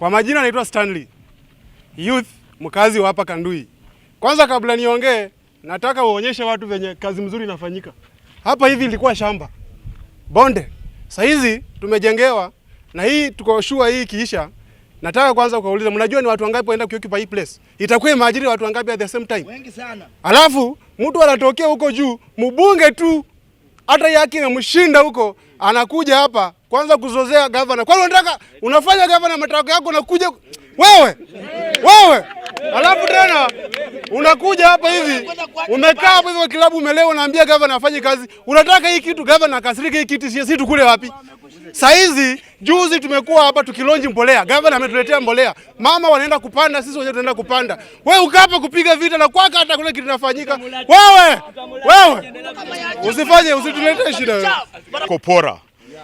Kwa majina naitwa Stanley Youth, mkazi wa hapa Kandui. Kwanza kabla niongee, nataka uonyeshe watu venye kazi mzuri inafanyika hapa. Hivi ilikuwa shamba bonde, sasa hizi tumejengewa na hii tuko sure hii kiisha Nataka kwanza kuuliza mnajua ni watu wangapi waenda kuoccupy hii place? Itakuwa imeajiri watu wangapi at the same time? Wengi sana. Alafu mtu anatokea huko juu, mbunge tu hata yake inamshinda huko, anakuja hapa kwanza kuzozea gavana. Kwani unataka unafanya gavana matako yako unakuja wewe wewe, alafu tena unakuja hapa hivi umekaa hapa hivi kwa kilabu umelewa, unaambia gavana afanye kazi. Unataka hii kitu gavana akasirike, hii kitu sisi tukule wapi? Saizi juzi tumekuwa hapa tukilonji mbolea, gavana ametuletea mbolea, mama wanaenda kupanda, sisi wenyewe tunaenda kupanda. Wewe ukaa hapa kupiga vita na kwaka, hata kuna kitu kinafanyika. Wewe wewe usifanye, usituletee shida kopora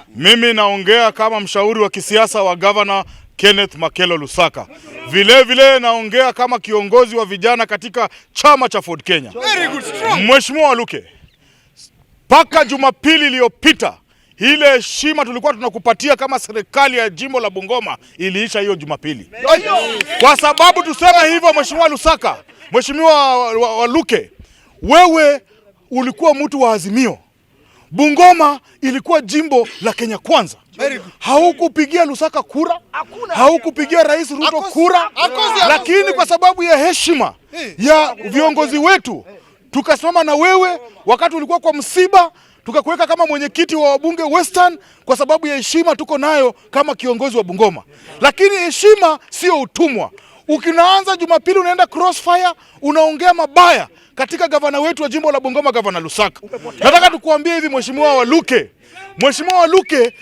mimi naongea kama mshauri wa kisiasa wa gavana Kenneth Makelo Lusaka. Vilevile vile naongea kama kiongozi wa vijana katika chama cha Ford Kenya. Mheshimiwa Waluke, mpaka Jumapili iliyopita ile heshima tulikuwa tunakupatia kama serikali ya jimbo la Bungoma iliisha hiyo Jumapili. Kwa sababu tuseme hivyo, Mheshimiwa Lusaka, Mheshimiwa Waluke, wewe ulikuwa mtu wa Azimio Bungoma ilikuwa jimbo la Kenya Kwanza. Haukupigia Lusaka kura, haukupigia Rais Ruto kura, lakini kwa sababu ya heshima ya viongozi wetu tukasimama na wewe wakati ulikuwa kwa msiba, tukakuweka kama mwenyekiti wa wabunge Western kwa sababu ya heshima tuko nayo kama kiongozi wa Bungoma. Lakini heshima sio utumwa. Ukinaanza Jumapili unaenda crossfire, unaongea mabaya katika gavana wetu wa jimbo la Bungoma, gavana Lusaka. Nataka tukuambie hivi, mheshimiwa Waluke, mheshimiwa Waluke,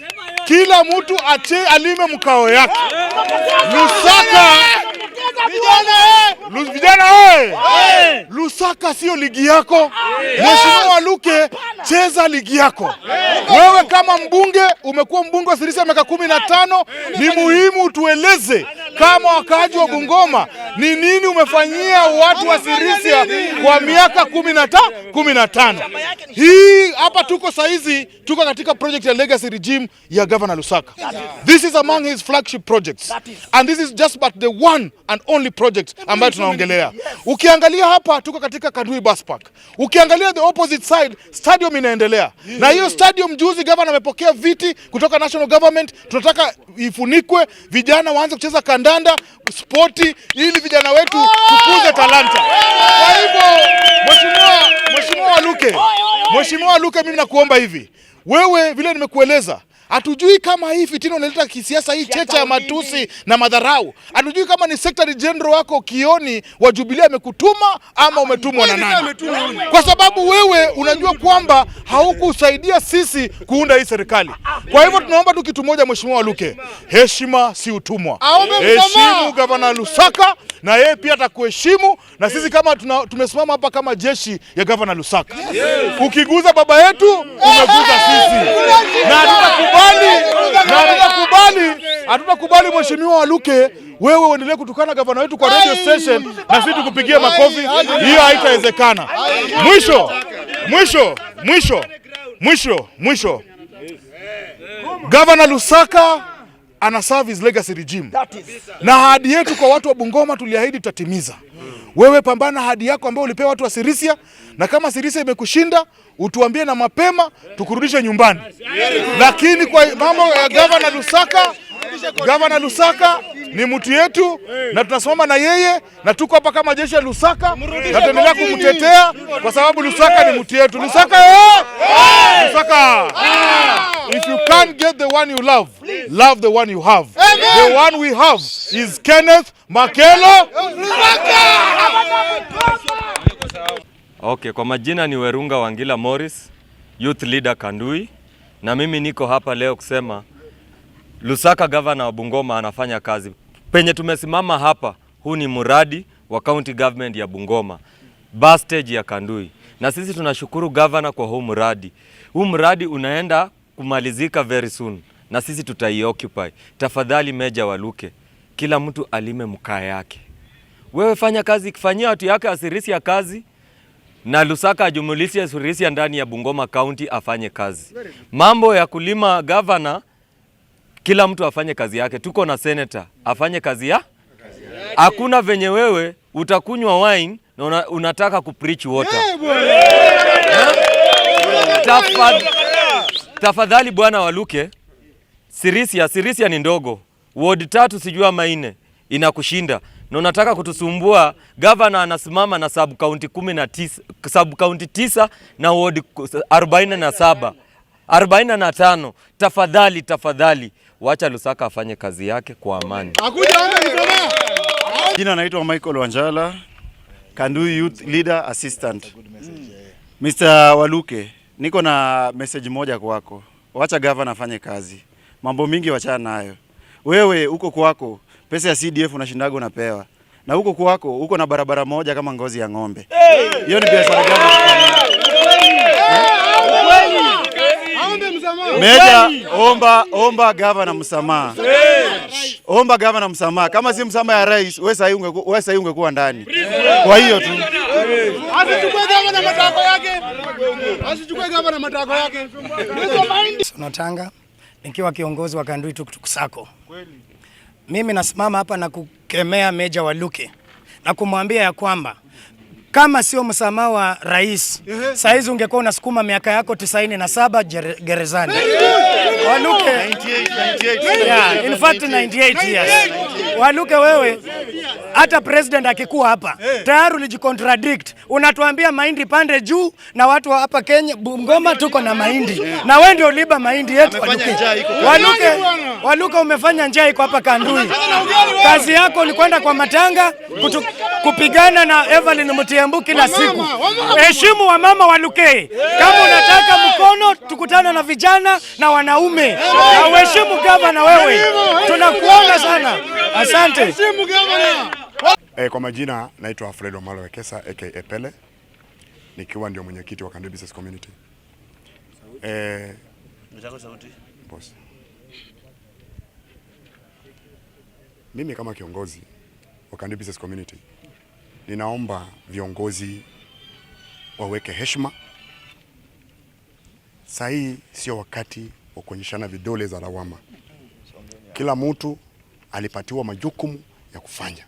kila mtu ache alime mkao yake. Lusaka vijana, eh! Eh! Eh! Lusaka sio ligi yako, mheshimiwa Waluke cheza ligi yako wewe. Kama mbunge umekuwa mbunge wa Sirisia miaka kumi na tano, ni muhimu tueleze kama wakaaji wa Bungoma ni nini umefanyia watu wa Sirisia kwa miaka kumi na tano. Hii hapa tuko saizi, tuko katika project ya legacy regime ya Governor Lusaka. This is among his flagship projects and this is just but the one and only project ambayo tunaongelea. Ukiangalia hapa tuko katika kandui Bus Park, ukiangalia the opposite side stadium stadium inaendelea Na hiyo stadium juzi gavana amepokea viti kutoka national government, tunataka ifunikwe, vijana waanze kucheza kandanda, spoti, ili vijana wetu tukuze talanta. Kwa hivyo mheshimiwa Luke, mheshimiwa Luke, mimi nakuomba hivi, wewe vile nimekueleza Hatujui kama hii fitina unaleta kisiasa, hii checha ya matusi na madharau. Hatujui kama ni secretary general wako Kioni wa Jubilee amekutuma ama umetumwa na nani, kwa sababu wewe unajua kwamba haukusaidia sisi kuunda hii serikali. Kwa hivyo tunaomba tu kitu moja, mheshimiwa Waluke, heshima si utumwa. Heshimu gavana Lusaka na yeye pia atakuheshimu, na sisi kama tuna, tumesimama hapa kama jeshi ya gavana Lusaka. Ukiguza baba yetu umeguza sisi na Hatutakubali mheshimiwa Waluke, wewe uendelee kutukana gavana wetu kwa radio station na sisi tukupigia makofi. Hiyo haitawezekana. Mwisho mwisho mwisho mwisho mwisho, gavana Lusaka ana serve his legacy regime, na ahadi yetu kwa watu wa Bungoma tuliahidi tutatimiza. Wewe pambana hadi yako ambayo ulipewa watu wa Sirisia, na kama Sirisia imekushinda utuambie na mapema tukurudishe nyumbani. Lakini kwa mambo ya gavana Lusaka, gavana Lusaka ni mtu yetu na tunasimama na yeye na tuko hapa kama jeshi la Lusaka na tuendelea kumtetea kwa sababu Lusaka ni mtu yetu. Lusaka, eh! Lusaka. Ah! If you can't get the one you love, love the one you have. The one we have is Kenneth Makelo okay. Kwa majina ni Werunga Wangila Morris, youth leader Kandui, na mimi niko hapa leo kusema Lusaka gavana wa Bungoma anafanya kazi. Penye tumesimama hapa, huu ni mradi wa county government ya Bungoma, bus stage ya Kandui, na sisi tunashukuru gavana kwa huu mradi. Huu mradi unaenda kumalizika very soon, na sisi tutaiocupy. Tafadhali Meja Waluke kila mtu alime mkaa yake. Wewe fanya kazi, kifanyia watu yake asirisi ya kazi na Lusaka asirisi Sirisia ndani ya Bungoma County afanye kazi. Mambo ya kulima gavana, kila mtu afanye kazi yake. Tuko na senator afanye kazi ya hakuna venye wewe utakunywa wine na una, unataka kupreach water. Eh? Tafadhali bwana Waluke, Sirisia, Sirisia ni ndogo ward tatu sijua maine inakushinda na unataka kutusumbua. Gavana anasimama na sub county kumi na tisa, sub county tisa na ward 47 45. Tafadhali, tafadhali wacha Lusaka afanye kazi yake kwa amani. Jina anaitwa Michael Wanjala, Kandui Youth Leader Assistant. Mr. Waluke, niko na message moja kwako, wacha gavana afanye kazi, mambo mingi wachana nayo wewe huko kwako pesa ya CDF unashindaga unapewa, na huko kwako uko na barabara moja kama ngozi ya ng'ombe. Hiyo ni biashara gani? Meja, omba omba gavana msamaha, omba gavana msamaha. Kama si msamaha ya rais, wewe sasa wewe sasa ungekuwa ndani. Kwa hiyo tu Tanga nikiwa kiongozi wa Kandui Tuktuk Sacco. Kweli. Mimi nasimama hapa na kukemea Meja Waluke na kumwambia ya kwamba kama sio msamaha wa rais saa hizi ungekuwa unasukuma miaka yako tisaini na saba gerezani. Waluke, yeah, in fact 98 years. Waluke wewe hata president akikuwa hapa hey, eh. tayari ulijicontradict, unatuambia mahindi pande juu, na watu wa hapa Kenya Bungoma tuko na mahindi yeah, na wewe ndio uliba mahindi yetu Waluke. Waluke, Waluke umefanya njaa iko hapa Kandui. Kazi yako ni kwenda kwa matanga kutu, kupigana na Evelyn Mutiambu kila siku. Heshimu mama Waluke, eh. kama unataka mkono tukutana na vijana na wanaume, eh, na uheshimu gavana wewe, tunakuona sana. Asante. E, kwa majina naitwa Alfredo Malo Wekesa aka Pele nikiwa ndio mwenyekiti wa Kanduyi Business Community. Eh, boss. Mimi kama kiongozi wa Kanduyi Business Community ninaomba viongozi waweke heshima. Saa hii sio wakati wa kuonyeshana vidole za lawama. Kila mtu alipatiwa majukumu ya kufanya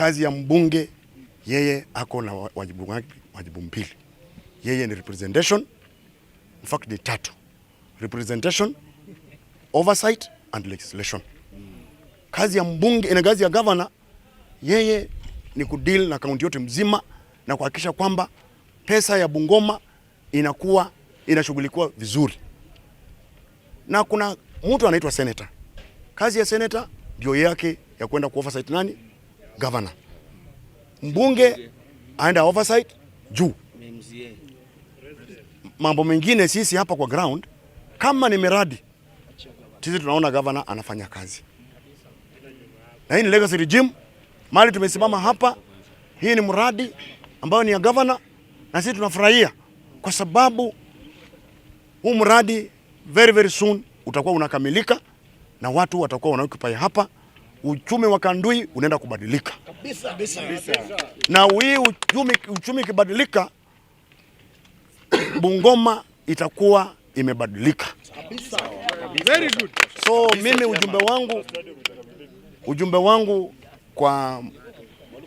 kazi ya mbunge yeye ako na wajibu wangi, wajibu mbili. Yeye ni representation, in fact ni tatu: representation, oversight and legislation. Kazi ya mbunge na kazi ya governor, yeye ni kudeal na kaunti yote mzima na kuhakikisha kwamba pesa ya Bungoma inakuwa inashughulikiwa vizuri. Na kuna mtu anaitwa senator. Kazi ya senator ndio yake ya kwenda ku oversight nani governor. mbunge aenda oversight juu mambo mengine. Sisi hapa kwa ground, kama ni miradi sisi tunaona gavana anafanya kazi, na hii ni legacy regime. Mali tumesimama hapa, hii ni mradi ambayo ni ya gavana, na sisi tunafurahia kwa sababu huu mradi very very soon utakuwa unakamilika na watu watakuwa wanaokupa hapa uchumi wa Kandui unaenda kubadilika kabisa, kabisa, kabisa. Na hii uchumi uchumi ikibadilika Bungoma itakuwa imebadilika kabisa. Very good. So mimi ujumbe wangu ujumbe wangu kwa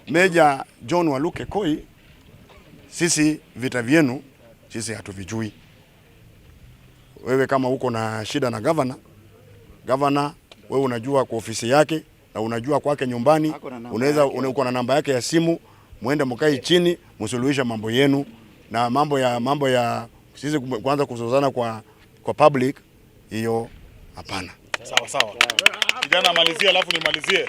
Meja John Waluke Koi, sisi vita vyenu sisi hatuvijui. Wewe kama uko na shida na gavana, gavana wewe unajua kwa ofisi yake na unajua kwake nyumbani, unaweza uko na namba yake ya simu, muende mkae chini, msuluhisha mambo yenu na mambo ya mambo ya sisi kuanza kuzozana kwa kwa public hiyo hapana. Sawa sawa, kijana amalizie, alafu nimalizie.